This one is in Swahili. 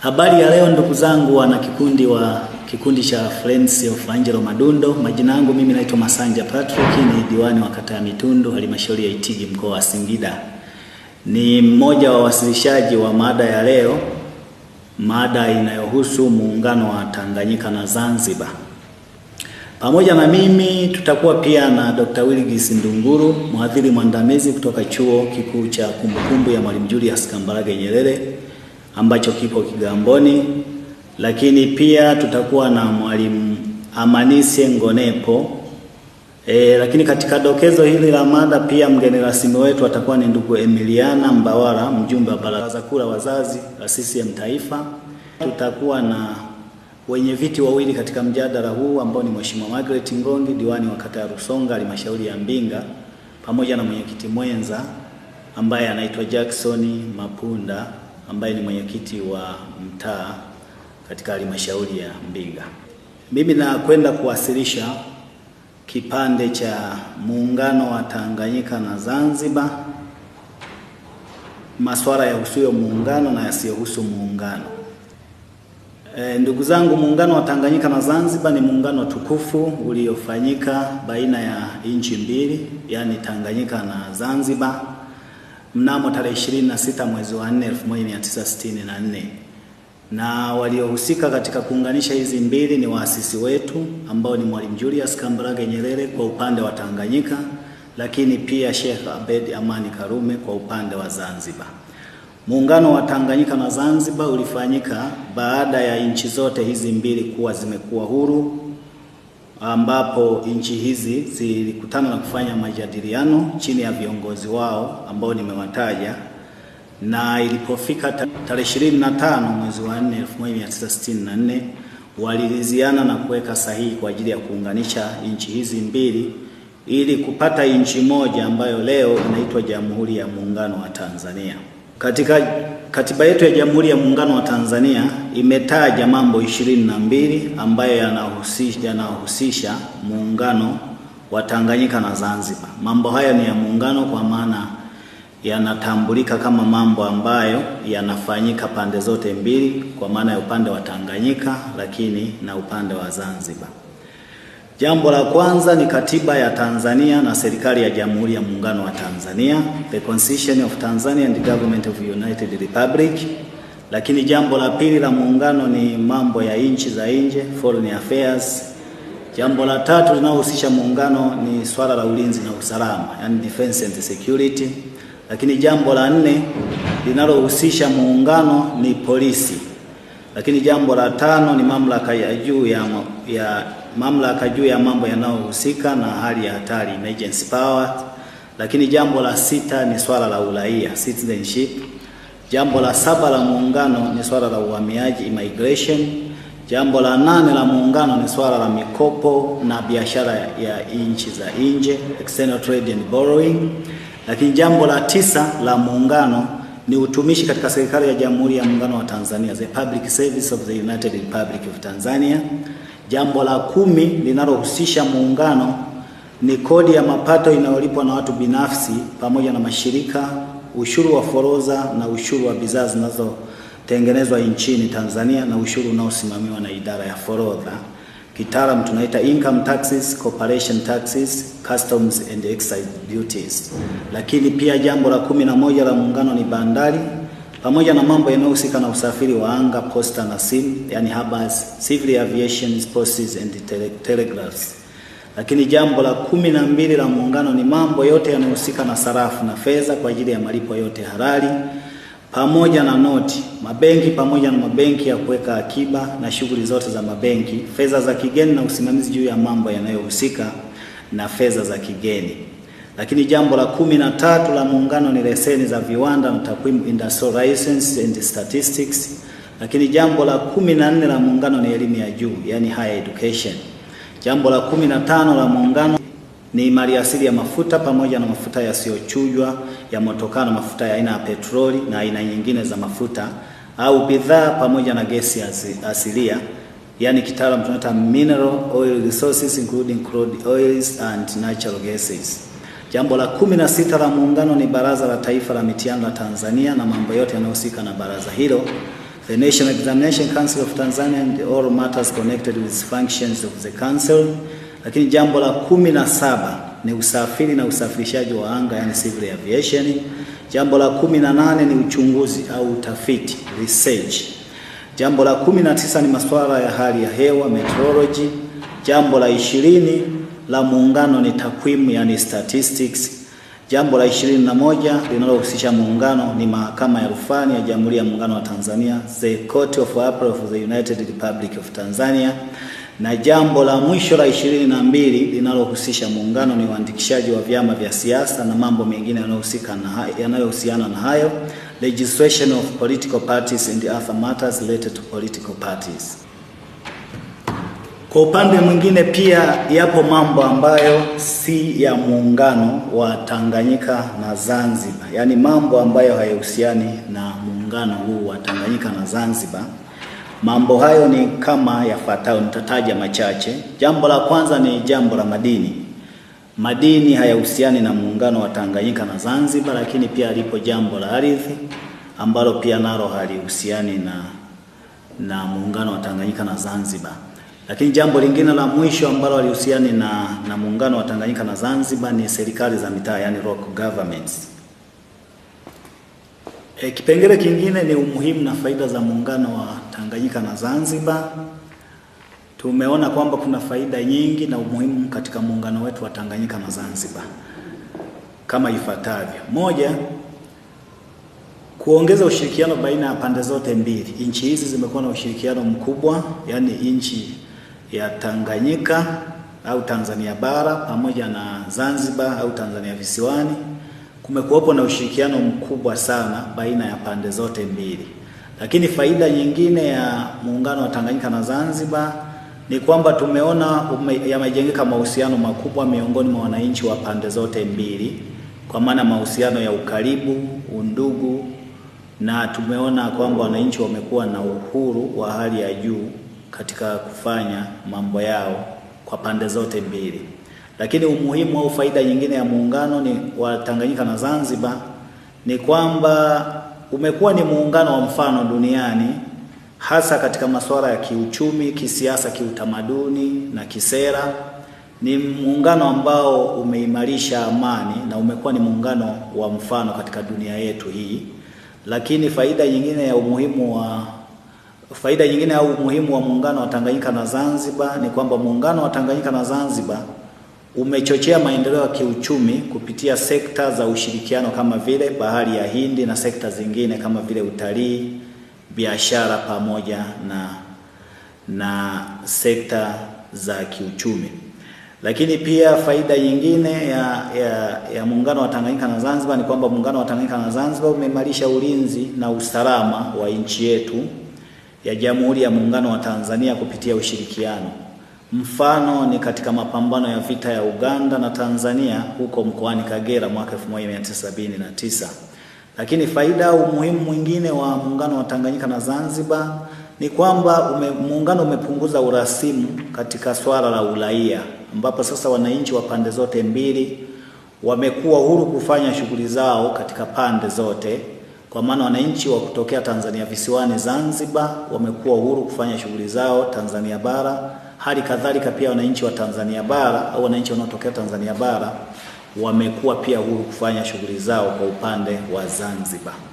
Habari ya leo ndugu zangu, wana kikundi wa kikundi cha Friends of Angelo Madundo. Majina yangu mimi naitwa Masanja Patrick, ni diwani wa kata ya Mitundu, halmashauri ya Itigi, mkoa wa Singida. Ni mmoja wa wasilishaji wa mada ya leo, mada inayohusu muungano wa Tanganyika na Zanzibar. Pamoja na mimi tutakuwa pia na Dr. Wilgis Ndunguru, mhadhiri mwandamizi kutoka Chuo Kikuu cha Kumbukumbu ya Mwalimu Julius Kambarage Nyerere ambacho kipo Kigamboni, lakini pia tutakuwa na mwalimu Amanise Ngonepo. E, lakini katika dokezo hili la mada pia mgeni rasmi wetu atakuwa ni ndugu Emiliana Mbawara, mjumbe wa baraza kuu la wazazi la CCM Taifa. Tutakuwa na wenye viti wawili katika mjadala huu ambao ni Mheshimiwa Margaret Ngongi, diwani wa kata ya Rusonga halmashauri ya Mbinga, pamoja na mwenyekiti mwenza ambaye anaitwa Jackson Mapunda ambaye ni mwenyekiti wa mtaa katika halmashauri ya Mbinga. Mimi nakwenda kuwasilisha kipande cha muungano wa Tanganyika na Zanzibar, masuala yahusuyo muungano na yasiyohusu muungano. E, ndugu zangu, muungano wa Tanganyika na Zanzibar ni muungano tukufu uliofanyika baina ya nchi mbili, yaani Tanganyika na Zanzibar mnamo tarehe 26 mwezi wa 4 1964, na waliohusika katika kuunganisha hizi mbili ni waasisi wetu ambao ni Mwalimu Julius Kambarage Nyerere kwa upande wa Tanganyika, lakini pia Sheikh Abed Amani Karume kwa upande wa Zanzibar. Muungano wa Tanganyika na Zanzibar ulifanyika baada ya nchi zote hizi mbili kuwa zimekuwa huru ambapo nchi hizi zilikutana na kufanya majadiliano chini ya viongozi wao ambao nimewataja, na ilipofika tarehe 25 mwezi wa 4 1964 waliliziana na kuweka sahihi kwa ajili ya kuunganisha nchi hizi mbili ili kupata nchi moja ambayo leo inaitwa Jamhuri ya Muungano wa Tanzania. Katika katiba yetu ya Jamhuri ya Muungano wa Tanzania imetaja mambo ishirini na mbili ambayo yanahusisha yanahusisha muungano wa Tanganyika na Zanzibar. Mambo haya ni ya muungano kwa maana yanatambulika kama mambo ambayo yanafanyika pande zote mbili, kwa maana ya upande wa Tanganyika lakini na upande wa Zanzibar. Jambo la kwanza ni katiba ya Tanzania na serikali ya Jamhuri ya Muungano wa Tanzania, the Constitution of Tanzania and the Government of the United Republic. Lakini jambo la pili la muungano ni mambo ya nchi za nje, foreign affairs. Jambo la tatu linalohusisha muungano ni swala la ulinzi na usalama, yani defense and security. Lakini jambo la nne linalohusisha muungano ni polisi. Lakini jambo la tano ni mamlaka ya juu ya, ya mamlaka juu ya mambo yanayohusika na hali ya hatari emergency power. Lakini jambo la sita ni swala la uraia citizenship. Jambo la saba la muungano ni swala la uhamiaji immigration. Jambo la nane la muungano ni swala la mikopo na biashara ya nchi za nje external trade and borrowing. Lakini jambo la tisa la muungano ni utumishi katika serikali ya Jamhuri ya Muungano wa Tanzania, the public service of the United Republic of Tanzania. Jambo la kumi linalohusisha muungano ni kodi ya mapato inayolipwa na watu binafsi pamoja na mashirika, ushuru wa forodha na ushuru wa bidhaa zinazotengenezwa nchini Tanzania na ushuru unaosimamiwa na idara ya forodha kitaalamu tunaita income taxes, corporation taxes, customs and excise duties. Lakini pia jambo la kumi na moja la muungano ni bandari pamoja na mambo yanayohusika na usafiri wa anga, posta na sim, yani harbors, civil aviation, posts and tele telegraphs. Lakini jambo la kumi na mbili la muungano ni mambo yote yanayohusika na sarafu na fedha kwa ajili ya malipo yote halali pamoja na noti, mabenki pamoja na mabenki ya kuweka akiba na shughuli zote za mabenki, fedha za kigeni na usimamizi juu ya mambo yanayohusika na fedha za kigeni. Lakini jambo la kumi na tatu la muungano ni leseni za viwanda na takwimu, industrial license and statistics. Lakini jambo la kumi na nne la muungano ni elimu ya juu, yani higher education. Jambo la kumi na tano la muungano ni mali asili ya mafuta pamoja na mafuta yasiyochujwa ya motokaa na mafuta ya aina ya petroli na aina nyingine za mafuta au bidhaa pamoja na gesi asilia, yani kitaalamu tunaita mineral oil resources including crude oils and natural gases. Jambo la kumi na sita la muungano ni Baraza la Taifa la Mitihani la Tanzania na mambo yote yanayohusika na baraza hilo, the National Examination Council of Tanzania and all matters connected with functions of the council lakini jambo la kumi na saba ni usafiri na usafirishaji wa anga, yani civil aviation. Jambo la kumi na nane ni uchunguzi au utafiti research. Jambo la kumi na tisa ni masuala ya hali ya hewa meteorology. Jambo la ishirini la muungano ni takwimu, yani statistics. Jambo la ishirini na moja linalohusisha muungano ni mahakama ya rufani ya Jamhuri ya Muungano wa Tanzania, the Court of Appeal of the United Republic of Tanzania. Na jambo la mwisho la ishirini na mbili linalohusisha muungano ni uandikishaji wa vyama vya siasa na mambo mengine yanayohusiana na hayo, legislation of political parties and other matters related to political parties. Kwa upande mwingine pia yapo mambo ambayo si ya muungano wa Tanganyika na Zanzibar, yaani mambo ambayo hayahusiani na muungano huu wa Tanganyika na Zanzibar. Mambo hayo ni kama yafuatayo, nitataja machache. Jambo la kwanza ni jambo la madini. Madini hayahusiani na muungano wa Tanganyika na Zanzibar, lakini pia lipo jambo la ardhi ambalo pia nalo halihusiani na na muungano wa Tanganyika na Zanzibar. Lakini jambo lingine la mwisho ambalo halihusiani na na muungano wa Tanganyika na Zanzibar ni serikali za mitaa, yani local governments. E, kipengele kingine ni umuhimu na faida za muungano wa Tanganyika na Zanzibar. Tumeona kwamba kuna faida nyingi na umuhimu katika muungano wetu wa Tanganyika na Zanzibar kama ifuatavyo: moja, kuongeza ushirikiano baina ya pande zote mbili. Nchi hizi zimekuwa na ushirikiano mkubwa, yaani nchi ya Tanganyika au Tanzania bara pamoja na Zanzibar au Tanzania visiwani kumekuwepo na ushirikiano mkubwa sana baina ya pande zote mbili. Lakini faida nyingine ya muungano wa Tanganyika na Zanzibar ni kwamba tumeona yamejengeka mahusiano makubwa miongoni mwa wananchi wa pande zote mbili, kwa maana mahusiano ya ukaribu, undugu na tumeona kwamba wananchi wamekuwa na uhuru wa hali ya juu katika kufanya mambo yao kwa pande zote mbili. Lakini umuhimu au faida nyingine ya muungano ni wa Tanganyika na Zanzibar ni kwamba umekuwa ni muungano wa mfano duniani hasa katika masuala ya kiuchumi, kisiasa, kiutamaduni na kisera. Ni muungano ambao umeimarisha amani na umekuwa ni muungano wa mfano katika dunia yetu hii. Lakini faida nyingine ya umuhimu wa faida nyingine au umuhimu wa muungano wa Tanganyika na Zanzibar ni kwamba muungano wa Tanganyika na Zanzibar umechochea maendeleo ya kiuchumi kupitia sekta za ushirikiano kama vile bahari ya Hindi na sekta zingine kama vile utalii, biashara pamoja na, na sekta za kiuchumi. Lakini pia faida nyingine ya, ya, ya muungano wa Tanganyika na Zanzibar ni kwamba muungano wa Tanganyika na Zanzibar umeimarisha ulinzi na usalama wa nchi yetu ya Jamhuri ya Muungano wa Tanzania kupitia ushirikiano Mfano ni katika mapambano ya vita ya Uganda na Tanzania huko mkoani Kagera mwaka 1979. Lakini faida au umuhimu mwingine wa muungano wa Tanganyika na Zanzibar ni kwamba ume, muungano umepunguza urasimu katika swala la uraia, ambapo sasa wananchi wa pande zote mbili wamekuwa huru kufanya shughuli zao katika pande zote. Kwa maana wananchi wa kutokea Tanzania visiwani Zanzibar wamekuwa huru kufanya shughuli zao Tanzania bara Hali kadhalika pia wananchi wa Tanzania bara au wananchi wanaotokea Tanzania bara wamekuwa pia huru kufanya shughuli zao kwa upande wa Zanzibar.